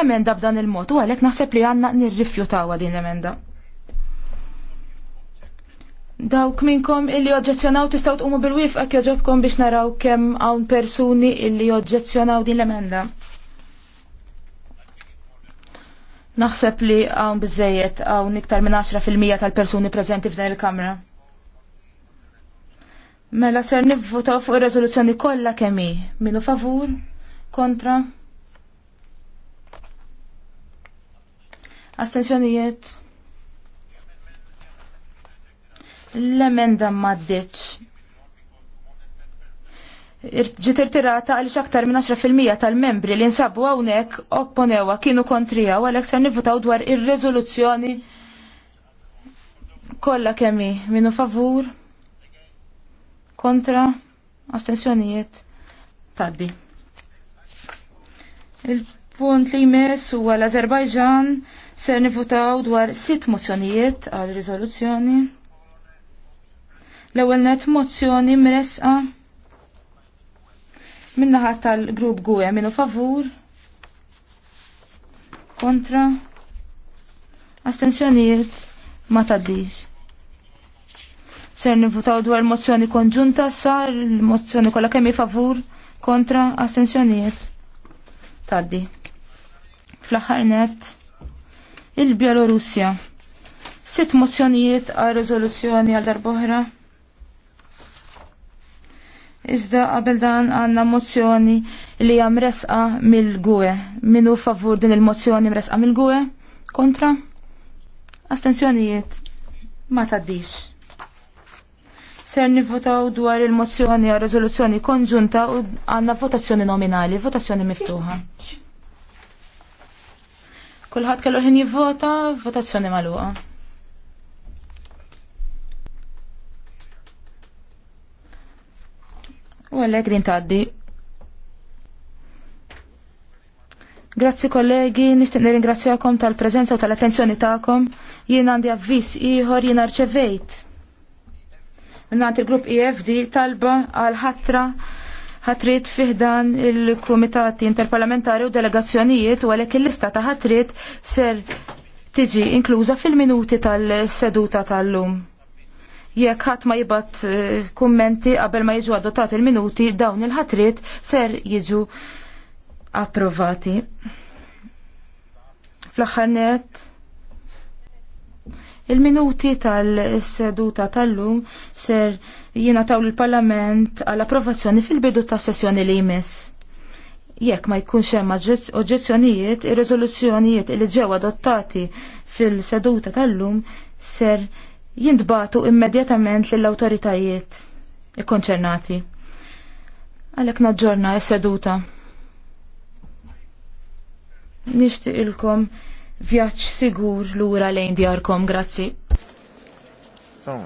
emenda b'dan il-mod u għalhekk naħseb li għandna nirrifjutawa din l-emenda. Dawk minnkom illi oġġezzjonaw tistgħu tqumu bil-wifqa jogħġobkom biex naraw kemm hawn persuni illi oġġezzjonaw din l-emenda. Naħseb li hawn biżejjed hawn iktar minn 10% tal-persuni preżenti f'dan il-kamra. Mela ser nivvotaw fuq ir-reżoluzzjoni kollha kemm hi. Minu favur? Kontra? Astenzjonijiet. L-emenda maddeċ. Ġiet irtirata għal aktar minn 10% tal-membri li nsabu hawnhekk opponewa kienu kontrija għalhekk se nivvutaw dwar ir-riżoluzzjoni kollha kemmi minnu favur kontra astensjonijiet taddi punt li jmess huwa l-Azerbajġan ser nivutaw dwar sitt mozzjonijiet għal riżoluzzjoni. L-ewwel net mozzjoni mresqa minnaħa tal-grupp guja e minu favur kontra astensjonijiet ma taddiġ. Ser nivutaw dwar mozzjoni konġunta sar il-mozzjoni kollha kemm favur kontra astensjonijiet taddi. Fl-aħħar net il-Bjelorussja. Sitt mozzjonijiet għal riżoluzzjoni għal darbohra. Iżda qabel dan għanna mozzjoni li hija mresqa mill-gwe. Minu favur din il-mozzjoni mresqa mill-gwe? Kontra? Astenzjonijiet? Ma taddix. Ser nivvotaw dwar il-mozzjoni għal rezoluzzjoni konġunta u għanna votazzjoni nominali, votazzjoni miftuħa. Kulħadd kellu ħin jivvota votazzjoni magħluqa. U għalhekk din tgħaddi. Grazzi kollegi, nixtieq nirringrazzjakom tal-preżenza u tal-attenzjoni tagħkom. Jien għandi avviż ieħor jien arċevejt. Minn il-grupp EFD talba għal ħatra ħatrit fiħdan il-Kumitati Interparlamentari u Delegazzjonijiet u għalhekk il-lista ta' ħatrit ser tiġi inkluża fil-minuti tal-seduta tal-lum. Jekk ħadd ma jibgħat eh, kummenti qabel ma jiġu adottat il-minuti dawn il-ħatrit ser jiġu approvati. Fl-aħħar Il-minuti tal-seduta tal-lum ser jiena taw l-Parlament għal approvazzjoni fil-bidu ta' sessjoni li jmiss. Jekk ma jkunx hemm oġġezzjonijiet, ir-riżoluzzjonijiet li ġew adottati fil-seduta tal-lum ser jintbatu immedjatament lill-awtoritajiet ikkonċernati. Għalhekk naġġorna s-seduta. Nixtieq ilkom vjaġġ sigur lura lejn djarkom, grazzi. So.